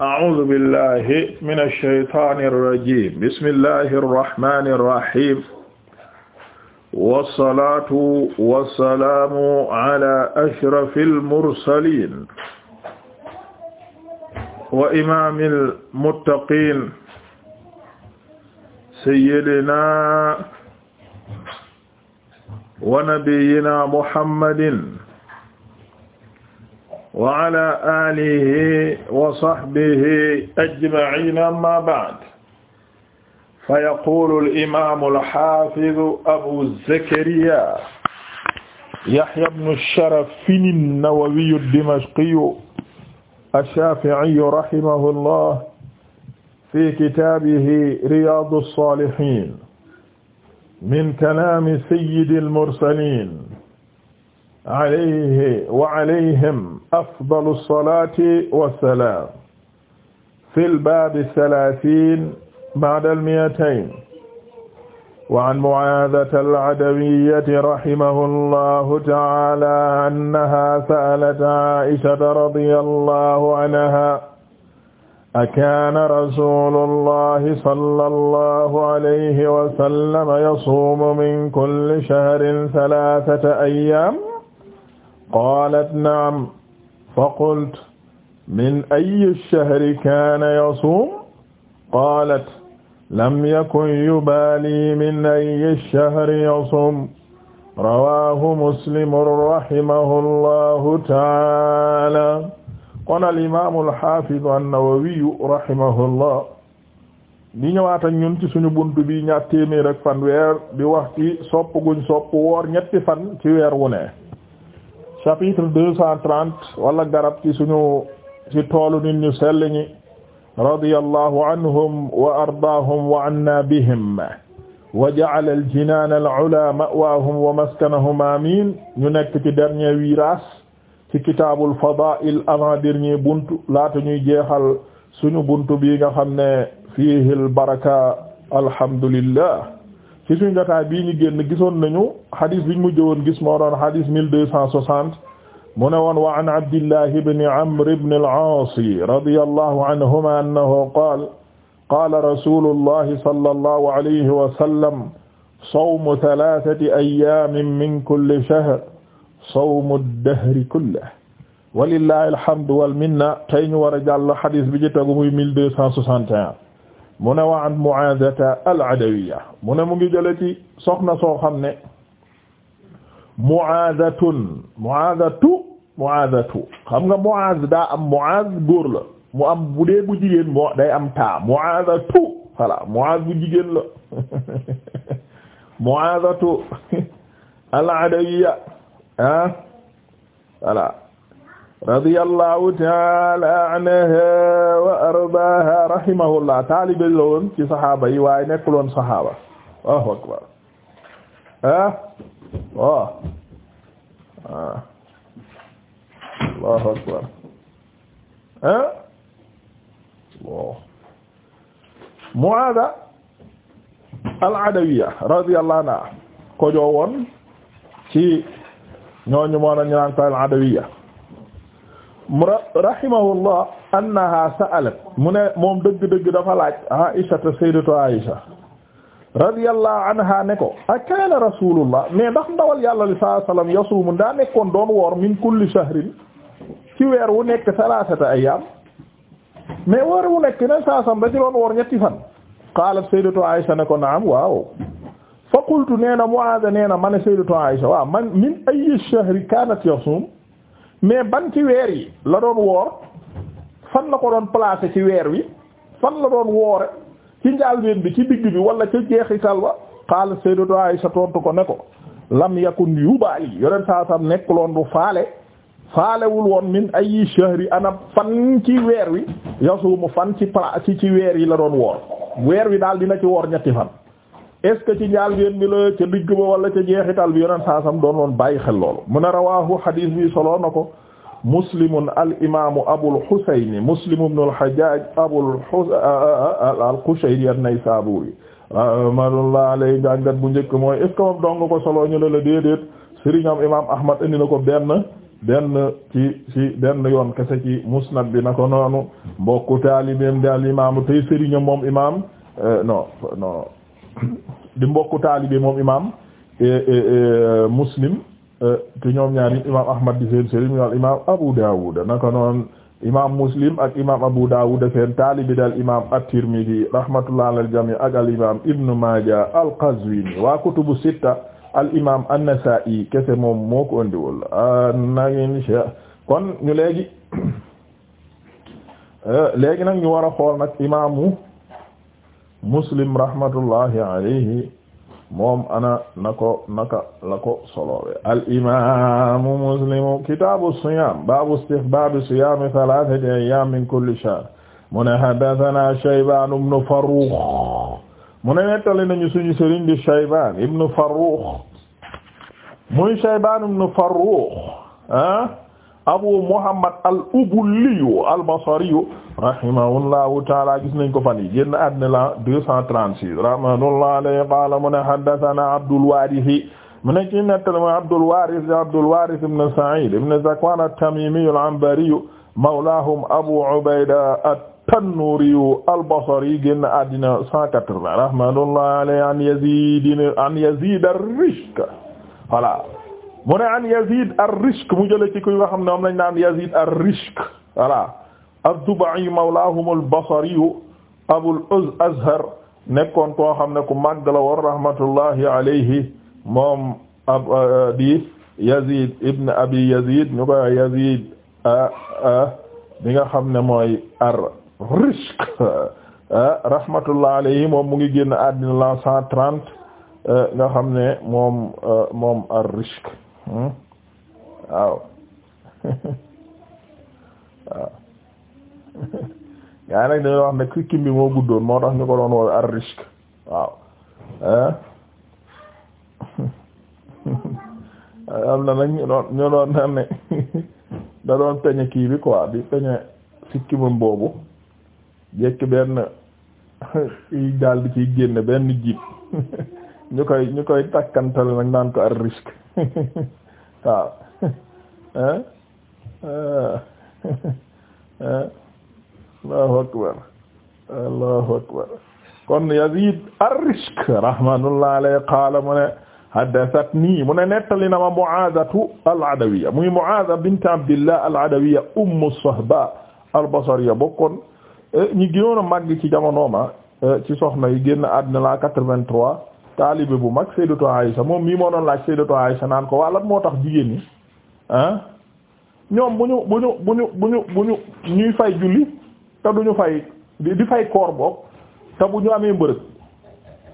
a'uuzu billahi mina shaytaani rajiim bismillahi rahmaani rahiim wasalaatu wasalaamu ala ashrafil mursaliin wa imaamil muttaqiin sayyidinaa wa nabiyyinaa muhammadin wa ala alihi wa sahbihi ajma'iin amma ba'd fa yaqulu al-imaam al-haafiz abu zakariyaa yahya ibnu sharafin an-nawawi ad-dimashqi ash-shaafi'i rahimahullah fi kitaabihi riyaadu as-saalihiin min kalaami sayyidi al-mursaliin alayhi wa alayhim afdalu salaati wa salaam fil baabi salaatiin ba'da al-mi'atayn wa an Mu'aadata al-'Adawiyyati rahimahullahu ta'aala annahaa sa'alat 'Aa'ishata radiyallahu 'anhaa akaana rasuulullahi sallallahu alayhi wa sallam yasuumu min kulli shahrin salaasata ayyaam qaalat naam fa qult min ayyi shahri kaana yasuum qaalat lam yakun yubaali min ayyi shahri yasuum rawaahu muslimun rahimahullahu taala kon al imaamu al-haafiz an-nawawiyu rahimahullah di ñëwaat ak ñun ci suñu buntu bi ñaar téeméer ak fanweer di wax ci sopp guñ sopp woor ñetti fan ci weer wu ne chapitre deux cent trente wala garab ci suñu ci toolu nit ñu sell ñi radiyallahu anhum wa ardaahum wa anna bihim wa ja'ala al-jinaan al-'ulaa ma'waahum wa maskanahum amiin ñu nekk ci dernier virage ci kitaabul fadaa'il avant-dernier buntu laata ñuy jeexal suñu buntu bi nga xam ne fiihi al-baraka alhamdulillah ci suñu jotaay bii ñu génn gisoon nañu xadis biñ mujj woon gis moo doon xadis mille deux cent soixante mu ne woon wa an abdillahi ibni amr ibn al-aas radiyallahu anhuma annahu qaala qaala rasulullahi sallallahu alayhi wa sallam sawmu thalathati ayyamin min kulli shahr sawmu dahri kullihi walillahi alhamdu wal minna tey ñu war a jàll xadis bi ci tegu muy mille deux cent soixante et un mu ne wa an Mu'aadata al-Adawiya mu ne mu ngi jële soxna soo xam ne mu Mu'aadatun Mu'aadatu Mu'aadatu xam nga mu Mu'aad daa am Mu'aad góor la mu am bu dee bu jigéen moo day am taa Mu'aadatu voilà Mu'aad bu jigéen la Mu'aadatu al-Adawiya ah voilà radiyallahu taala anha wa ardaha rahimahullah taalibe la woon ci saxaaba yi waaye nekkul woon saxaaba Allahu akbar ah waaw ah Allahu akbar ah waaw Muaada al-Adawiya radiyallahu anha ko joowoon ci ñooñu ñu naan ko al rahimahullah annaha sa'alat mu ne moom dëgg-dëgg dafa laaj Aisha sayyidatu Aisha radiyallahu anha ne ko akaana rasulullah mais ndax ndawal yàlla li sallallahu alayhi wasallam daa nekkoon doon woor min kulli shahrin ci weer wu nekk salatata ayyam mais weer wu nekk ne saasam da ci doon woor ñetti fan qaalat sayyidatu Aisha ne ko naam waaw fa qultu nee na Mu'aaz nee na ma ne sayyidatu waaw man min ayyi shahri kaanat yasuum mais ban ci weer yi la doon woor fan la ko doon placer ci weer wi fan la doon woore ci njaalbeen bi ci digg bi wala ci jeexi jeexital ba xaala yi sa tontu ko ne ko lam yakun yubaali yoneen saa sam nekkuloon bu faale faalewul woon min ay shahri ana fan ci weer wi yasuumu fan ci pla ci ci weer yi la doon woor weer wi daal dina ci woor ñetti fan est-ce que ci njaal ngeen bi la ca digg ba wala ca jeexital bi yoneen saasam doon woon bàyyi xel loolu mun a rawahu hadith bi soloo na ko muslimun al imamu abul husayn muslim ibn al hajjaj abul al qushayri an-naysaburi rahmatullah alayhi jàngat bu njëkk mooy est-ce moom dong ko soloo ñu la la déedéet sëriñam imam ahmad indi ko benn benn ci ci benn yoon kese ci musnad bi na ko noonu mbokku taalibeem daal imaamu tey sëriñam moom imam euh, non di mbokku taalibe moom imaam e, e, e, muslim te ñoom ñaar ñi imaam ahmad di seen sëriñ wal imaam abu daawud naka noon imaam muslim ak imaam abu daawud seen taalibe dal imaam at-tirmidhi rahmatullah alal jami ak al imaam ibnu maaja al qazwini wa kutubu sitta al imaam an-nasa'i kese moom moo ko andiwul ah, nagin kon ñu léegi eh, léegi nag ñu war a imaamu muslim rahmatullahi alayhi moom ana nako naka la ko soloowe al imamu muslimu kitabu siyam babu istihbabi siyami thalathati ayyam min kulli shahr mu ne hadathana shayban ibnu farrukh mu ne nettali nañu suñu sëriñ di shayban ibnu farrukh muy shayban ibnu farrukh ah abu muhammad al ubulliyu al basariyu rahimahullahu taala gis nañ ko fan yi génn àddina la 236 rahmatullahi alayhi qaala mu ne haddathana Abdul Waaris mu ne ci nettali ma Abdul Waaris Abdul Waaris ibn Sa'id ibn Zakwan at-Tamimi al-Anbari mawlahum Abu Ubayda at-Tannuri al-Basri génn àddina 180 rahmatullahi alayhi an Yazid an Yazid ar-Rishk voilà mu ne an Yazid ar-Rishk mu jële ci kuy nga xam ne moom lañ naan Yazid ar-Rishk voilà ad yu mawlaahum al-Basri Abul Azhar nekkoon koo xam ne ko màgg la woon rahmatullahi moom ab uh, di Yazid ibn Abi Yazid ñu koy Yazid uh, uh, bi nga xam ne mooy ar-Rishk rahmatullahi alayhi moom mu ngi génn àddina la cent trente nga xam ne moom moom rishk hmm? yaa nag wax ne sikkim bi moo guddoon moo tax ñu ko doon woowe ar risque waaw am na nag ñu doon ne da doon peñe kii bi quoi di peñe sikkimam boobu jekk benn i daal di ciy génn benn jiib ñu koy ñu koy takkantal nag naan ko ar risque waaw allahu akbar allahu akbar kon Yazid ar-Rishk rahmatullah qaala mu ne haddathatni mu ne nettali na ma Mu'aadatu al-Adawiyya muy Mu'aada bint Abdillah al-Adawiyya ummu Sahba al-Basriyya bokkoon eh, ñi gënoon a màgg ci jamonooma eh, ci soxna yi génn àddina la 83 taalibe bu mag Sayyidatu Aisha moom mii moo doon laaj Sayyidatu Aisha naan ko waa moo tax jigéen ñi ah bu ñu bu ñu bu ñu bu ñu bu ñu ñuy fay julli te duñu fay di fay koor boog te bu ñu amee mbërëg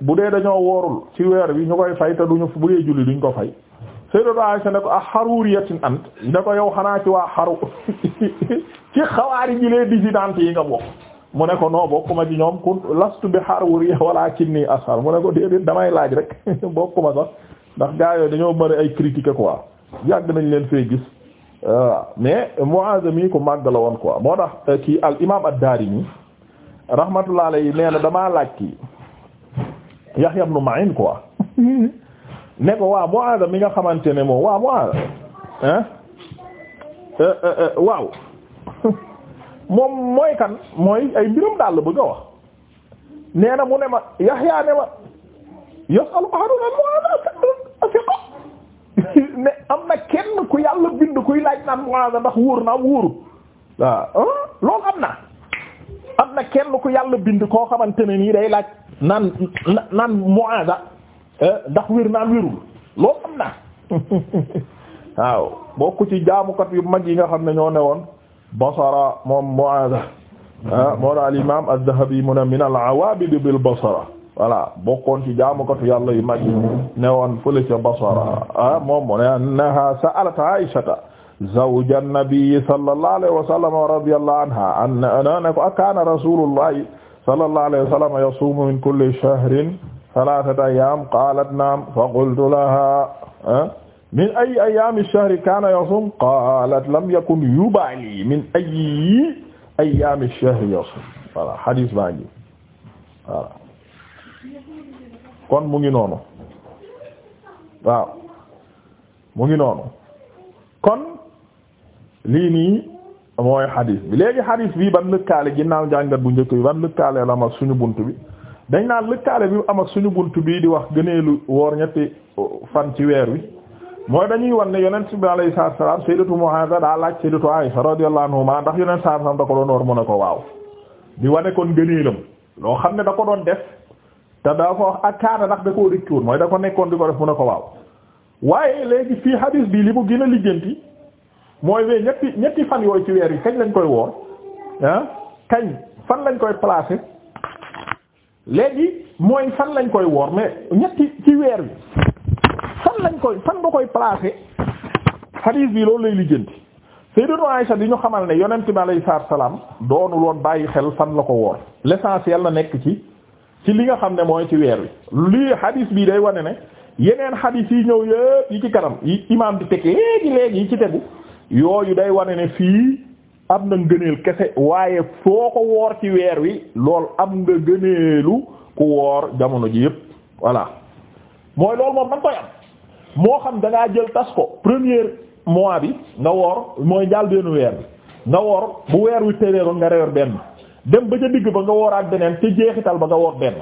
bu dee dañoo woorul ci weer bi ñu koy fay te duñu bu dee julli duñ ko fay Sayyidatu Aisha ne ko ak ah, xaruriyatin ant ne ko yow xanaa ci waa xaru ci xawaari ji lee dissidente yi nga bokk mu ne ko noo bokkuma ci ñoom ku lastu bi xaruriya wala kinni asar mu ne ko déedéet damay laaj rek ma sax ndax gaa yooyu dañoo bëri ay critiques quoi yàgg nañ leen fee gis Euh, mais Muaz mi ko màgg la woon quoi moo tax euh, kii al imaam ad-Daarimi rahmatullahi alayhi na damaa laaj kii Yahya ibn Ma'in quoi waa Muaz mi nga xamante ne moom waa Muaz ah waaw euh, moom mooy kan mooy ay mbiram daal la bëgg a wax nee na mu ne ma Yahya ne ma yas'alu ahaduna ne am na kenn ku yàlla bind kuy laaj naan muwaasa ndax wóor na wóoru waaw ah, loolu am na am na kenn ku yàlla bind koo xamante ne nii day laaj naan naan muwaasa eh, ndax wér naan wérul loolu am na waaw bokku ci jaamukat yu mag yi nga xam ne ñoo ne woon basara moom muwaasa ah, moo daal imaam az-Zahabi mu ne min al-awaabid bil basara voilà bokkoon ci jaamukatu yàlla yu mag ne woon fële ca Basra ah moom mu ne annaha sa'alat Aysata zawja an-nabi sallallahu alayhi wa sallam wa radiyallahu anha anna ne ko akaana rasulullahi sallallahu alayhi wa sallam yasuumu min kulli shahrin thalathata ayyam qalat naam fa qultu laha ah, min ayyi ayyami ash-shahri kaana yasuum qalat lam yakun yubaali min ayyi ayyami ash-shahri yasuum voilà hadis baa ngi voilà kon mu ngi noonu waaw mu ngi noonu kon lii nii mooy xadiis bi léegi xadiis bi ban lëkkaale ginnaaw njàngat bu njëkk bi ban lëkkaale la am ak suñu bunt bi dañ naan lëkkaale bi am suñu bunt bi di wax gëneelu woor ñetti uh, fan ci weer wi mooy dañuy wan ne yonent bi alayhi salaatu wa salaam sayyidatu Muhammad daa laaj sayyidatu Aisha radiyallahu anhuma ndax yonent saa salaam da ko doon woor mu ne ko waaw di wane kon gëneelam loo xam ne da ko doon def te daa ko wax ak kaana ndax da koo rëccoon mooy da ko nekkoon di ko def mu ne ko waaw waaye léegi fii hadis bi li mu gën a lijjanti mooy wee ñetti ñetti fan yooyu ci weer yi kañ lañ koy woor ah kañ fan lañ koy placer léegi mooy fan lañ koy woor mais ñetti ci weer wi fan lañ koy fan nga koy placer hadis bi loolu lay lijjanti Sayyidatu Aïcha di ñu xamal ne yonent bi alayhi salaam doonul woon bàyyi xel fan la ko woor l'essentiel la nekk ci. ci li nga xam ne mooy ci weer wi lii hadis bii day wane ne yeneen hadis yi ñëw yëpp yi ci kanam yi imaam di teg léegi léegi yi ci tegu yooyu day wane ne fii am na ngëneel kese waaye foo ko woor ci weer wi lool am nga ngëneelu ku woor jamono ji yëpp voilà mooy loolu moom da koy am moo xam dangaa jël tas ko premier mois bi nga woor mooy njaal benn weer bi nga woor bu weer wi téeléeroon nga rewer benn dem ba ca digg ba nga woor ak beneen te jeexital ba nga woor benn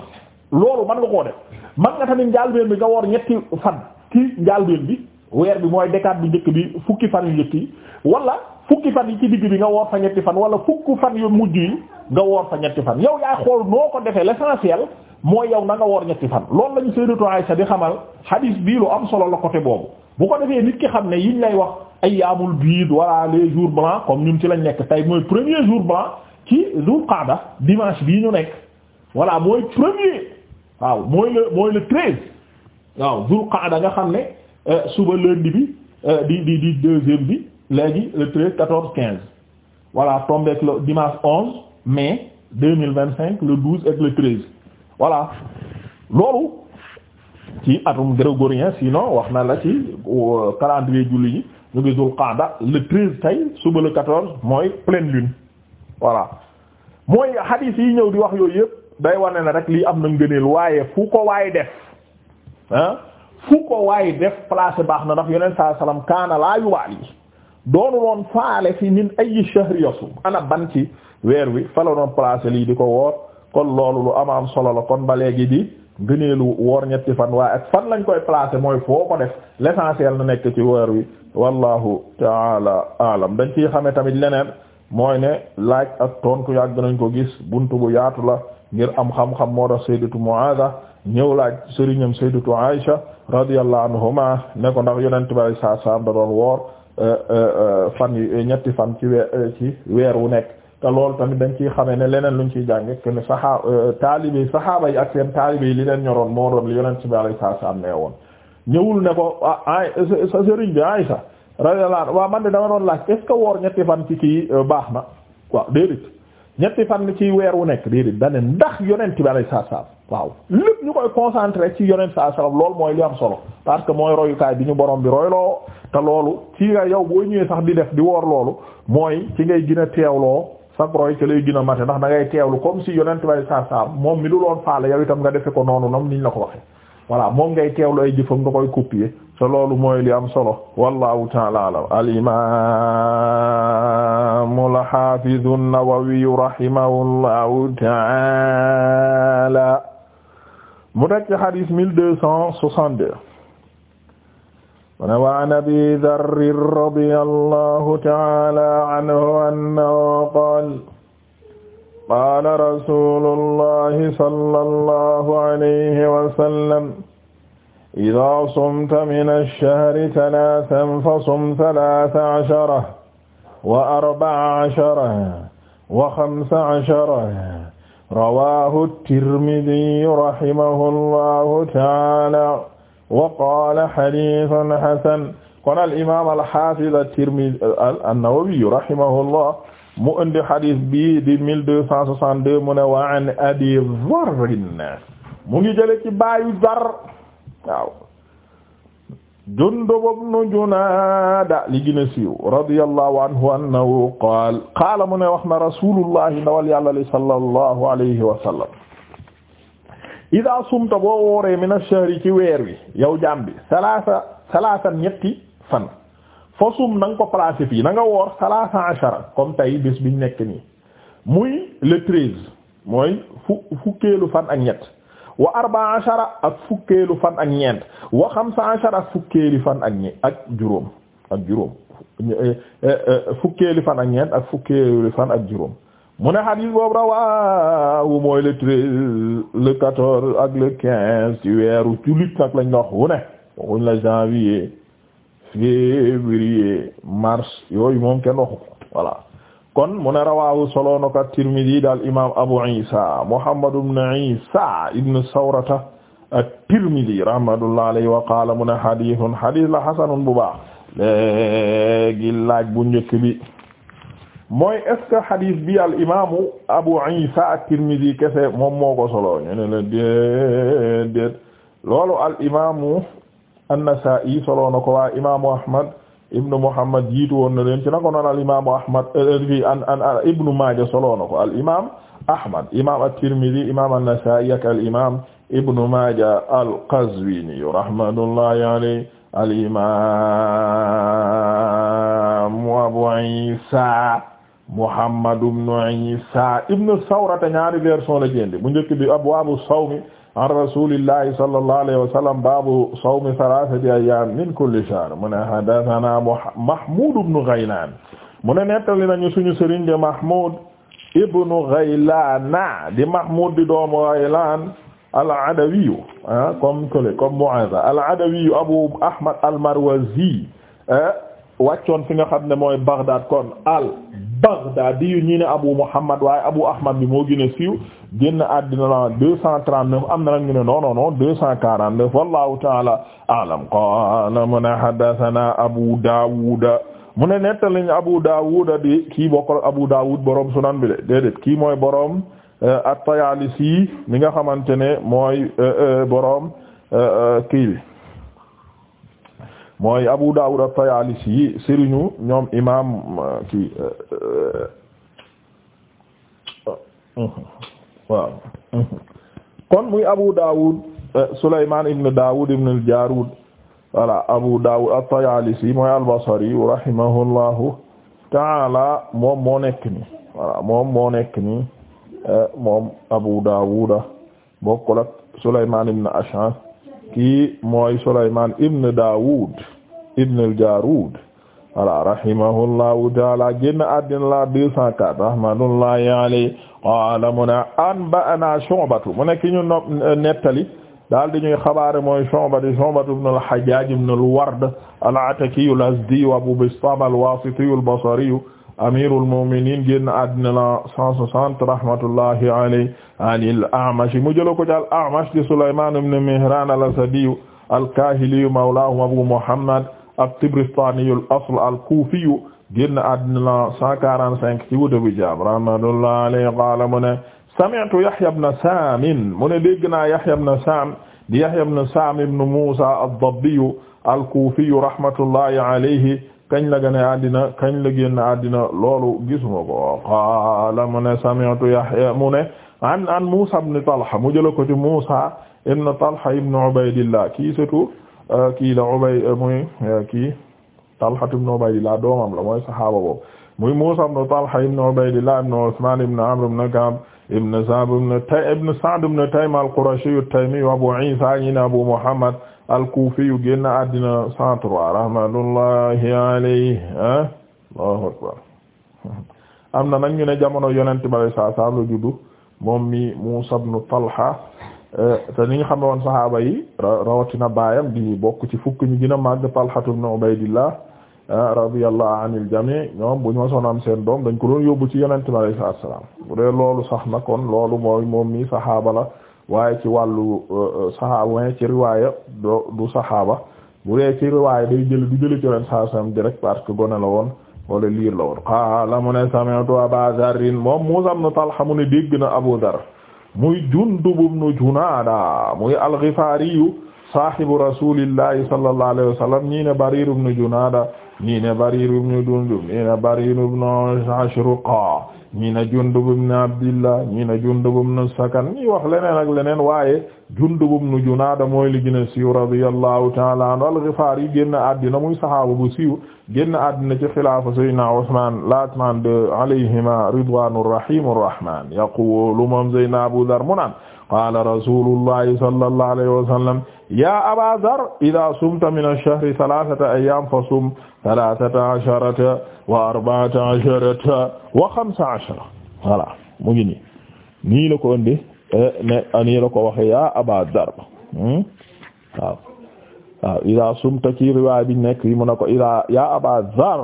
loolu man nga koo def man nga tamit njaalbeen bi nga woor ñetti fan ci njaalbeen bi weer bi mooy décade bi njëkk bi fukki fan yu njëkk yi wala fukki fan yi ci digg bi nga woor fa ñetti fan wala fukki fan yu mujj yi nga woor fa ñetti fan yow yaa xool noo ko defee l'essentiel mooy yow na nga woor ñetti fan loolu lañu sayyidatu Aisha di xamal hadis bii lu am solo la côté boobu bu ko defee nit ki xam ne yiñ lay wax ayyaamul biid wala les jours blancs comme ñun ci lañ nekk tey mooy premier jour ci Dul Qaada dimanche bii ñu nekk wala mooy premier waaw mooy le mooy le treize waaw Dul Qaada nga xam ne euh, suba lundi bi euh, di di di deuxième bi léegi le treize quatorze quinze voilà tombé ak le dimanche onze mai deux mille vingt cinq le douze ak le treize voilà loolu ci atum grégorien sinon wax na la ci euh, calendrier julli yi ñu ngi Dul Qaada le treize tey suba le quatorze mooy pleine lune. voilà mooy hadith yi ñëw di wax yooyu yëpp day wane ne rek lii am na ngëneel waaye fu ko waay def ah fu ko waay def place baax na ndax yeneen saa salaam kaana laa yubaali doonu loon faale fi min ay shahri ana ban ci weer wi fa doon placé lii di ko woor kon loolu lu ama am solo la kon ba léegi di gëneelu woor ñetti fan waaye ak fan lañ koy placé mooy foo ko def l'essentiel na nekk ci weer wi wallahu taala alam dañ ciy xame tamit leneen mooy ne laaj ak tontu yàgg nañ ko gis buntu bu yaatu la ngir am xam-xam moo tax sayyidatu Muaza ñëw laaj sëriñam sayyidatu Aisha radiyallahu anhuma ne ko ndax yonent bi saa saam da doon woor euh, euh, fan yi euh, ñetti fan ci weer ci weer wu nekk te loolu tamit dañ ciy xamee ne leneen luñ ciy jànge que ne saxaa taalibe saxaaba yi ak seen taalibe yi li leen ñoroon moo doon li yonent bi saa saam nee woon ñëwul ne ko ah, sëriñ bi Aisha radiyallahu anhu waaw man de dama doon laaj est ce woor ñetti fan ci kii euh, baax na waaw déedéet ñetti fan ci weer wu nekk déedéet da ndax yonent bi alayhi salaam waaw lépp ñu koy concentré ci yonent sallallahu alayhi wasallam mooy li am solo parce que mooy royukaay bi ñu borom bi royloo te loolu ci nga yow boo ñëwee sax di def di woor loolu mooy ci ngay gën a teewloo sax roy ci lay gën a mate ndax da ngay teewlu comme si yonent bi alayhi salaam moom mi du loon faale yow itam nga defe ko la ko waxe moom ngay teewlu ay jëfam nga koy copier te loolu mooy li am solo wallahu taala alam alimamu alhafidu nawawiyu rahimahullahu taala mu teg ci xadis mille deux cent soixante-deux mu ne wa an abi darrin radiyallahu taala anhu annahu qaala qaala rasulullahi sallallahu alayhi wa sallam idaa sumta mina shahri talaasan fa sum talaata ashara wa arba'a ashara wa xamsa ashara rawaahu tirmidiyu rahimahu llahu ta'aala wa qaala hadiisun hasan kon al imaam al haafiz at-Tirmidi an-Nawawi rahimahullah mu indi hadiis bi di 1262 mu ne wa an Abii Zarr mu ngi jële ci baayu Zarr waaw Jundub ibn Junaada li gën a anhu annahu qaal qaala mu ne wax na rasulullahi ndawal yàlla li sallallahu alayhi wa sallam idaa sumta boo wooree min ash-shahri ci weer wi yow jaam bi salaasa salaasa fan fa sum na nga ko placé fii na nga woor salaasa ashara comme tey bés biñ nekk nii muy le treize fu fukkeelu fan ak ñett wa arba ashara ak fukkeelu fan ak ñeent wa xamsa ashara ak fukkeeli fan ak ñe ak juróom ak juróom eh, eh, eh, fukkeeli fan ak ñeent ak fukkeeli fan ak juróom mu ne xadiis boobu rawaahu mooy le treize le quatorze ak le quinze ci weeru julit nag lañ la wax wu ne la janvier février mars yooyu moom kenn waxu ko kon mu ne rawaahu solo na ko at-Tirmidhi daal imaam Abu Isa Muhammad ibn Isa ibn Sawrata at-Tirmidhi rahmatullahi alayhi wa qaala mu ne la hasanun bu baax léegi laaj njëkk bi mooy est-ce bi al imaamu Abu Isa at-Tirmidhi kese moom solo ñu ne la loolu al imaamu an-Nasa'i solo na ko waa Ahmad ibnu Muhammad jiitu woon na leen ci nako noon al imaamu Ahmad euh, euh, fi an an al imaam Ahmad imaam at-Tirmidhi imaam an-Nasaa'i ak al imaam ibnu Maaja al-Qazwini rahmatullahi alayhi al imaam Abu Isa Muhammad ibnu Isa ibnu Sawrata ñaari version la jënd bu njëkk bi abwaabu sawmi an rasulillahi sallallahu alayhi wa sallam baabu sawmi salaasati ayyaam min kulli shahr mu ne haddathana Mahmoud ibn Ghaylaan mu ne nettali nañu suñu sëriñ de Mahmoud ibn Ghaylaan di Mahmoud di doomu Ghaylaan al-Adawi ah, comme comme Mu'aaz al-Adawi Abu Ahmad al-Marwazi ah, wàccoon fi nga xam ne mooy Baghdad kon al Baghdadi di ñi ne Abu Muhammad waaye Abu Ahmad bi moo gën a génn àddina la 239 am na nag ñu ne non non non 249 wallahu ta'ala a'lam ko mu ne haddathana Abu Dawud mu ne nettaliñ Abu Dawud di kii bokkal Abu Dawud borom sunan bi de déedéet kii mooy borom euh, at-Tayalisi mi nga xamante ne mooy euh, euh, borom kii mooy Abu Dawud at-Tayalisi yi sëriñu ñoom imam uh, uh, uh, kon muy Abu Dawud Sulayman ibn Dawud ibn al-Jarud voilà Abu Dawud at-Tayalisi mooy al-Basri rahimahullahu taala moom moo nekk ni moom Abu Dawud bokkul ak ibn Ash'ath kii mooy Sulayman ibn Dawud ibn al-Jaarud voilà rahimahullahu taala génn àddina la 204 rahmatullahi alayhi qaala mu ne anba'anaa Shu'batu mu nekk ñu nopp nettali daal di ñuy xabaare mooy Shu'ba di Shu'batu ibn al-Hajjaaj ibn al-Ward al-Atakiyu al-Azdiyu Abu Bistaam al-Waasitiyu al-Basriyu amirul mu'minin génn àddina la 160 rahmatullahi alayhi anil A'mash mu jëloon ko ci al-A'mash di Sulaymaan ibn Mihraan al-Asadiyu al-Kaahiliyu mawlaahum Abu Muhammad at-Tibristani al-asl al-Kufi génn àddina la 145 ci wuute bi jaam rahmatullahi alayhi qaala mu ne sami'tu Yahya ibn Saamin mu ne dégg naa Yahya ibn Saam di Yahya ibn Saam ibn Muusaa ad-Dabbi al-Kufi rahmatullahi alayhi kañ la gën a àddina kañ la génn àddina loolu gisuma ko qaala mu ne sami'tu Yahya mu ne an an Muusaa ibn Talha mu jël ko ci Muusaa ibn Talha ibn Ubaydillah kii surtout Euh, kii la ubay euh, muy euh, kii Talha ibn Ubaydillah doomam la mooy saxaaba boobu muy Muusaa ibn Talha ibn Ubaydillah ibn Usmaan ibn Amr ibn Ka'b ibn Sa'd ibn Tay ibn Sa'd Abu Muhammad al-Kufi yu génn àddina 103 rahmatullahi alayhi Allahu akbar am na nag ñu ne jamono Yonent bi sallallahu alayhi wa sallam la te ni ñu xamoon saxaaba yi rawatina baayam di bokk ci fukk ñu gën a màgg Talhatu ibn Ubaydillah ah, radiyallahu anil jami ñoom bu ñu ma soon am seen doom dañ ko doon yóbbu ci yonente bi alayhi salaatu salaam bu dee loolu sax na kon loolu mooy moom mi saxaaba la waaye ci wàllu euh, saxaaba waaye ci riwaaya du saxaaba bu dee ci riwaaya day jël du jël ci yonent saa salaam direct parce que gone la woon wala liir la woon qaala mu ne sami'tu Abaa Zarrin moom Muusaa ibn Talha mu ne dégg na Abu Zarr muy Jundub ibn Junaada muy al-Ghifaari sahibu rasulillahi sallallahu alayhi wa sallam ñii ne Barir ibn Junada ñii ne Barir ibn Jundub ñii ne Barir ibn Ashruqa ñii ne Jundub ibn Abdillah ñii ne Jundub ibn Sakan ñii wax leneen ak leneen waaye Jundub ibn Junada mooy li gën a siiw radiyallahu ta'ala anhu al-Ghifari génn àddina muy sahaaba bu siiw génn àddina ci xilaafa Sayyidina Usman latman de alayhima ridwanur rahimur rahman yaqulu moom Sayyidina Abu Dharr mu naan qaala rasulullahi sallallahu alayhi wa sallam ya aba dar ida sumta min alshahri talatata ayam fa sum talatata asharata wa arbaata asharata wa xamsa ashara voilà mu ngi nii nii la ko indi eh, ne nii la ko waxe ya aba dar hmm? waaw waaw ida sumta ci riwaay bi nekk yi mu ne ko ida ya aba dar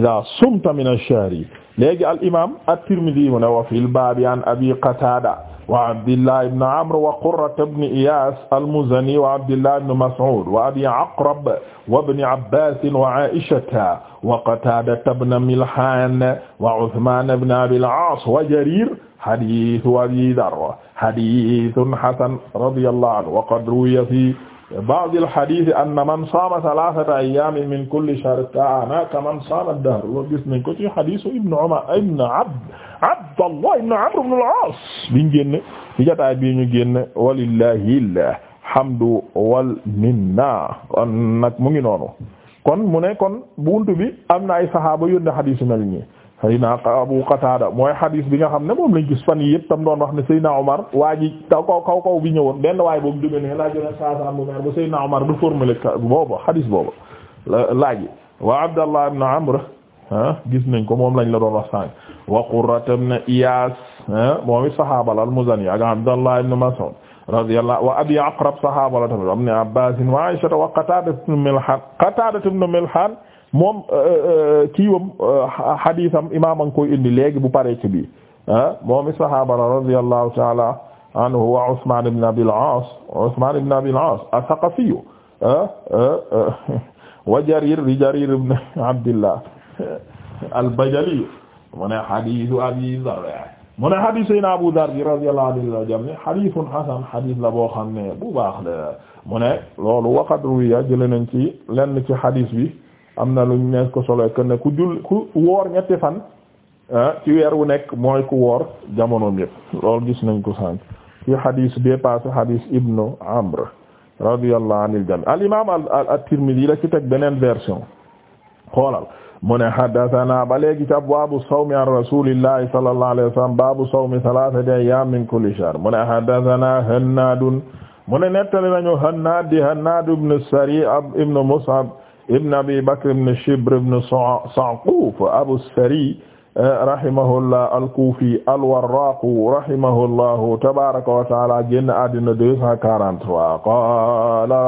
ida sumta min alshahri léegi al imam at-Tirmidhi mu ne wa fil baabi an abi qatada wa abdillah ibn amr wa qurrat ibn iyas al-muzani wa abdillah ibn mas'ud wa abi aqrab wa ibn abbas wa aishata wa qatada ibn milhan wa uthman ibn abi al-aas wa jarir hadithu abi dharr hadithun hasan radiyallahu anhu wa qad ruwiya fi ba'd al-hadith anna man saama thalathata ayyamin min kulli shahr kaana kaman saama ad-dahr loolu gis nañ ko ci hadith Ibn Umar ibn Abd Abdallah ibn Amr ibn al-As biñ génn ci jotaay bii ñu génn walillahil hamdu wal minna kon nag mu ngi noonu kon mu ne kon buntu bi am na ay saxaaba yónnee hadith yu mel nii sayna Abu Qatada mooy xadis bi nga xam ne moom lañ gis fan yi yëpp tam doon wax ne sayna Omar waa ji taw kaw kaw kaw bi ñëwoon benn waay boobu jógee ne laaj yoneen saa salaam bu meer bu sayna Omar du formulé boobu xadis boobu laaj wa Abdallah ibn Amr ah gis nañ ko moom lañ la doon wax sànq wa Qurrat ibn Iyas moom it sahaaba la al-Muzani ak Abdallah ibn Mas'ud radiyallahu wa Abi Aqrab sahaaba la tamit wa Aisha wa Qatada ibn Milhan Qatada moom euh, euh, kiiwam xadiisam euh, imaam a ngi koy indi léegi bu paree ci bi ah, moom i sahaaba la radiyallahu taala anhu wa Usmaan ibn Abil Aas Usmaan ibn Abil Aas as-Saqafi ah, ah, wa Jarir di Jarir ibn Abdillah al-Bajali mu ne xadiisu Abi Zarr mu ne xadiis Seydina Abu Dar bi radiyallahu anhu jam ne xadiisun xasan xadiis la boo xam ne bu baax la mu ne loolu waqad ruwiya jël nañ ci lenn ci xadiis bi am na luñ nekk ko solo que ne ku jul ku woor ñetti fan ah, ci weer wu nekk mooy ku woor jamonoom yëpp loolu gis nañ ko sànq ci hadis bi passé hadis ibnu amr radiyallahu anil jami al imam at-Tirmidhi la ci teg beneen version xoolal mu ne haddathana ba léegi ci abwaabu sawmi an rasulillahi sallallahu alayhi wa sallam baabu sawmi thalathati ayyam min kulli shahr mu ne haddathana Hannaad mu ne nettali nañu Hannaad di ibn Sari ibn Mus'ab ibn abi bakr ibn shibr ibn sanqouf abou sari eh, rahimahullah al-kufi al-warraq rahimahullahu tabaraka wa taala génn àddina 243 qala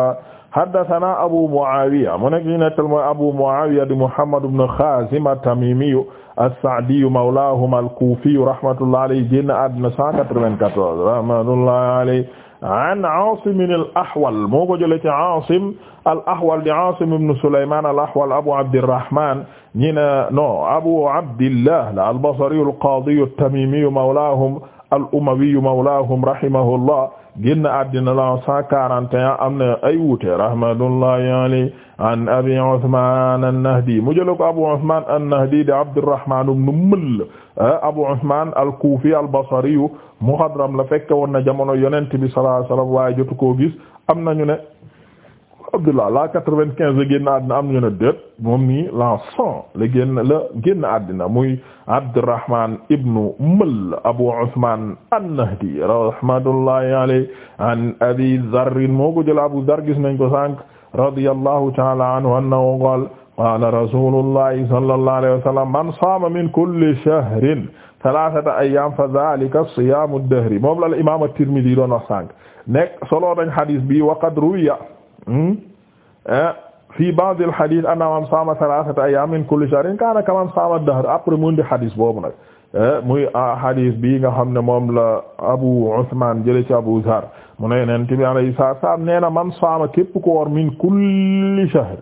haddathana abu muawiya mu nekk ñu nettal mooy abu muawiya di muhammad ibn khazim at-tamimi as-sa'di mawlahum al-kufi rahmatullahi alayhi génn àddina 194 rahmatullahi alayhi an Aasim al-Ahwal moo ko jëlee ci Aasim al-Ahwal di Aasim ibn Sulaymaan al-Ahwal Abu Abdirrahmaan ñi ne non Abu Abdillah al-Basri al-Qaadi at-Tamiimi mawlaahum al-Umawi mawlaahum rahimahullah génn àddina la 141 am na ay wuute rahmatullahi alayhi an Abi Usmaan an-Nahdi mu jël ko Abu Usmaan an-Nahdi di Abdurrahmaan ibn Mull ah, Abu Usmaan al-Kuufi al-Basri muxadram la fekk woon na jamono Yonent bi sallallahu alayhi wa sallam waaye jotu koo gis am nañu ne Abdullah la quatre-vingt-quinze la génn àddina am ñu ne déet moom nii la cent la génn la génn àddina muy Abdurrahman ibnu Mull Abu Usman an-Nahdi rahmatullahi alayhi an Abi Dharr moo ko jël Abu Dharr gis nañ ko sànq radiyallahu ta'ala anhu annahu qala qala rasulullahi sallallahu alayhi wa sallam man saama min kulli shahrin thalathata ayyam fa dhalika siyamu ad-dahri moom la Imam at-Tirmidhi doon wax sànq nekk solo dañ hadith bi wa qad ruwiya Hmm? Eh, fii ba'd al hadith anna man saama thalathata ayyam min kulli shahrin kaana kaman saama dahr après mu indi hadith boobu nag eh, muy ah, hadith bii nga xam ne moom la Abu Usman jële ci Abu Zar mu ne yonent bi alayhi salaam nee na man saama képp ko war min kulli shahr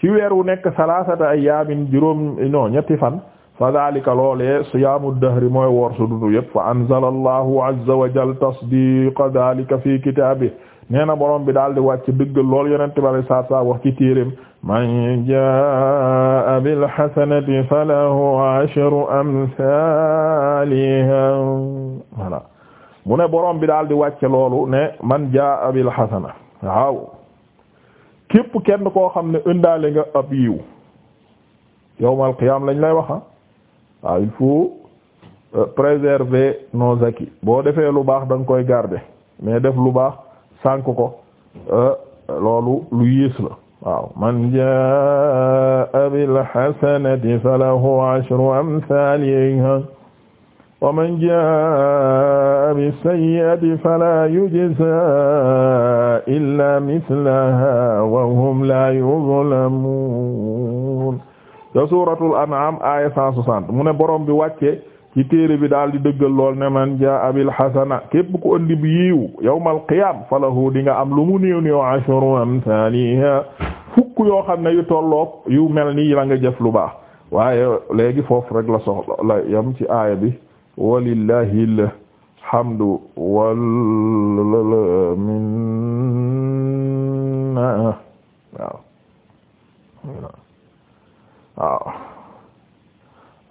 ci weer wu nekk thalathata ayyamin juróom non ñetti fan fa daalika loolee siyaamu dahri mooy woor su dundu yëpp fa anzala Allahu azza wa jalla tasdiqa daalika fi kitaabihi nee na borom bi daal di wàcc dëggal loolu yonente bi alai saatu salaam wax ci téeréem man jaa bil hasanati falahu ashru amsaliha voilà mu ne boroom bi daal di wàcce loolu ne man jaa bil hasana waaw képp kenn koo xam ne ëndaale nga ab yiw yawmal qiyam lañ lay waxa ah. waaw il faut euh, préserver nos acquis boo defee lu baax da koy garder mais def lu baax sànk ko eh, loolu lu yées la waaw man jaa bil hasanati falahu ashru amthaliha wa man jaa bis sayyi'ati fala yujzaa illa mithlaha wa hum la yuzlamun da suratul an'am aya 160 mu ne borom bi wàcce ci téere bi daal di dëggal lool ne man jaa abil hasana képp ku andi bi yiiw yawmal qiyam falahu di nga am lu mu néew néew ashru amsaliha fukk yoo xam ne yu tolloog yu mel ni la nga jëf lu baax waaye léegi foofu rek la soxla yam ci aaya bi walillahil hamdu wal minna waaw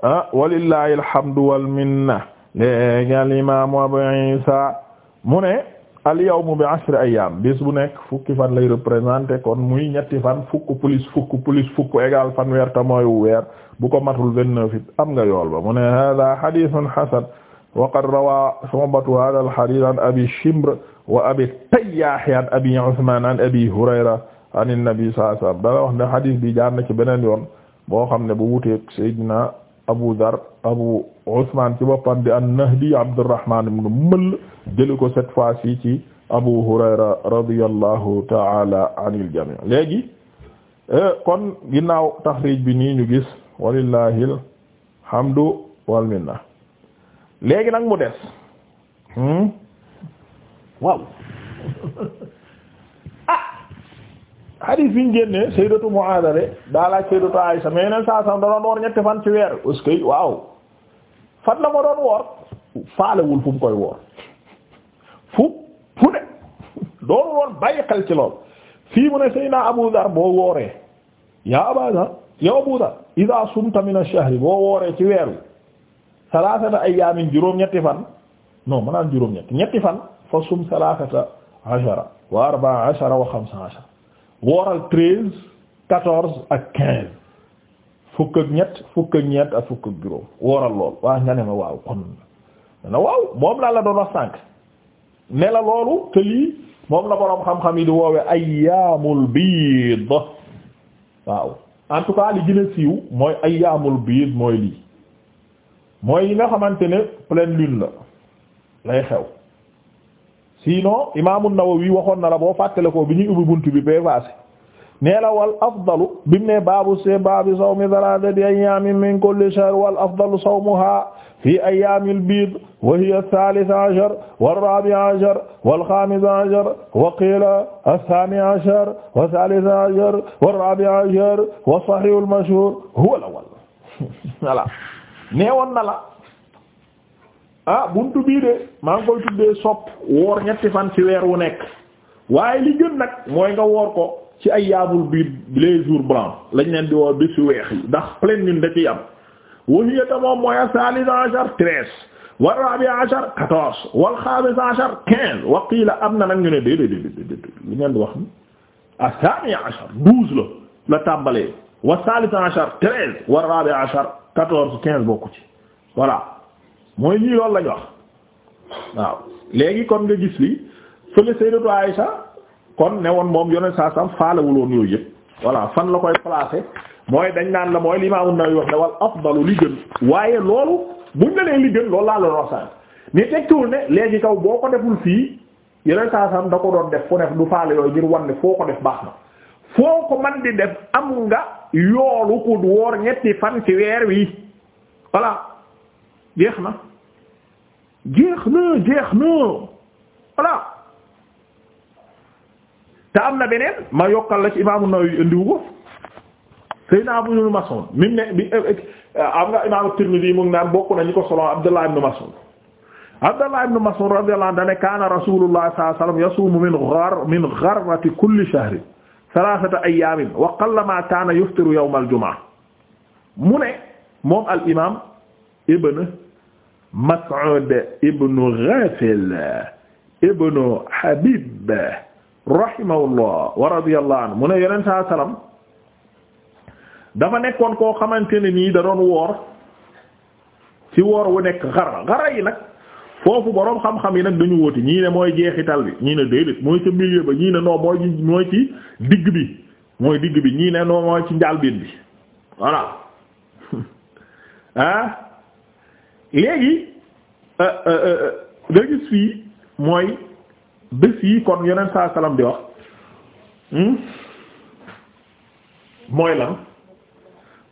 Ah, walillahi alhamdu wal minna léegi al imam Abu Isa mu ne al bi ashri bis bu nekk fukki fan lay représenté kon muy ñetti fan fukk plus fukk plus fan weer ta mooy weer bu matul vingt-neuf am nga yool ba mu ne hada hadithun hasan wa qad rawa Shu'batu hada al hadith an abi Shimr wa abi Tayyah an abi Uthman an abi Hurayra an an-nabi sallallahu alayhi wasallam dala wax ne hadith bi jaar na ci beneen yoon boo xam ne bu wuteek Seydina Abu Dar Abu Usman ci boppam di an-Nahdi Abdurrahman ibn Mull jëli ko cette fois-ci ci Abu Hurayra radiyallahu ta'ala anil jami' léegi eh, kon ginnaaw taxrij bi nii gis walillahil hamdu wal léegi nag mu des hmm? waaw hadith bi ñu génnee sayyidatu Mu'adha daa laaj sayyidatu Aisha mais yeneen saa sax da doon woor ñetti fan ci weer est waaw fan la ko doon woor faalewul fu mu koy woor fu fu doon woon bàyyi xel ci lool mu ne Seydina Abu Dhar boo wooree yaa Abu Dhar yaa sumta min ash-shahri boo wooree ci weeru salaasata ayyaamin juróom-ñetti fan non maanaam juróom-ñetti ñetti fan fa sum salaasata ashara wa arba'a ashara wa xamsa ashara wooral treize quatorze ak quinze fukk ak ñett fukk ak ñeent ak fukk ak juróom wooral lool waa nga ne na waaw moom laa la doon wax sànq ne la loolu te lii moom la boroom xam-xam yi di woowee ayyaamul biid waaw en tout cas li gën siiw mooy ayyaamul biid mooy lii mooy yi nga xamante ne pleine lune la lay xew sinon imaamu Nawawi waxoon na la boo fàttale ko bi ñuy ubbi bunt bi bee passé nee la wal afdalu bimu ne baabu se baabi sawmi thalathati ayyamin min kulli shahr wal afdalu sawmuha fi ayyamil biid wa hiya ath-thalitha ashar war-rabi'a ashar wal-khamisa ashar wa qila ath-thani ashar wa thalitha ashar war-rabi'a ashar wa sahih al-mashhur huwa al-awwal voilà neewoon na la ah buntu bii de maa ngi koy tuddee sopp woor ñetti fan ci weer wu nekk waaye li gën nag mooy nga woor ko ci ay yaabul biir les jours blancs lañ leen di woor bi su weex yi ndax pleine lune da ciy am wahiya ta moom mooy a salis ashar treize wa rabi ashar quatorze quinze wa am na nag ñu ne di déedéet li ngeen di wax ni a sani ashar douze la la tàmbalee wa salis ashar treize wa rabi ashar quatorze quinze bokku ci voilà mooy lii loolu lañu wax waaw léegi kon nga gis li fële Sayyidatu Aïsha kon ne woon moom yoneen saa sam faalewul woon yëpp voilà fan la koy placé mooy dañ naan la mooy li Imam An-Nawawi wax ne wal afdalu waaye loolu buñ li gën loolu sa ni tekkiwul ne léegi kaw boo ko deful fii yoneen saa da ko doon def fu ne du faale yooyu ngir wan ne ko def baax na ko man di def am nga yoolu ku woor ñetti fan ci weer wi voilà jeex na jeex na jeex na voilà te am na beneen ma yokkal la ci imaamu Nawawi indiwu ko Seydina Abu Mas'ud mi mu ne bi eh, eh, eh, am nga imaamu Tirmidhi mu ngi naan bokk nañu ko solo Abdullah ibn Mas'ud Abdullah ibn Mas'ud radiyallahu anhu dane kaana Rasulullah sallallahu alayhi wasallam yasuumu min ghar min gharrati kulli shahrin thalathata ayyaamin wa qallama kaana yuftiru yawm al-jumu'a mu ne moom al imaam Ibn Mas'ud ibn Ghafil ibn Habib rahimahullah wa radiyallahu anhu mu ne yeneen saa salaam dafa nekkoon koo xamante ne nii da doon woor ci woor wu nekk xara xara yi nag foofu boroom xam-xam yi nag dañu wóote ñii ne mooy jeexital bi ñii ne déedéet mooy ca milieu ba ñii ne non mooy mooy ci digg bi mooy digg bi ñii ne non mooy ci njàlbeen bi voilà ah. léegi euh, euh, euh, nga fii mooy bés yi kon yeneen saa salaam di wax hmm? mooy lan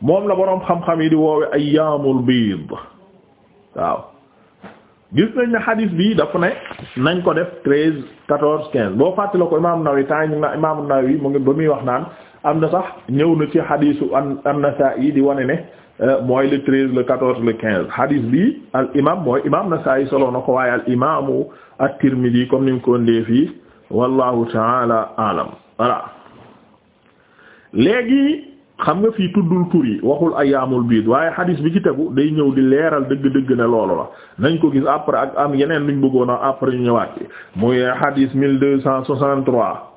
moom la boroom xam-xam yi di woowe ayyaamul biid waaw gis nañ ne xadiis bi dafa ne nañ ko def treize quatorze quinze boo fàttali ko imaam Nawawi temps yi imaam Nawawi mu ngi ba muy wax naan am na sax ñëw na ci xadisu an-Nasaa'i di wane ne euh, mooy le treize le quatorze le quinze hadis bi al imam mooy imam Nasaa'i solo na ko waaye al imamu at-Tirmidhi comme ni mu ko ndee fii wallahu taala alam voilà léegi xam nga fii tuddul tur yi waxul ayyaamul biid waaye hadis bi ci tegu day ñëw di leeral dëgg-dëgg ne loolu la nañ ko gis après ak am yeneen luñ bëggoon a après ñu ñëwaat ci muy hadis mille deux cent soixante-trois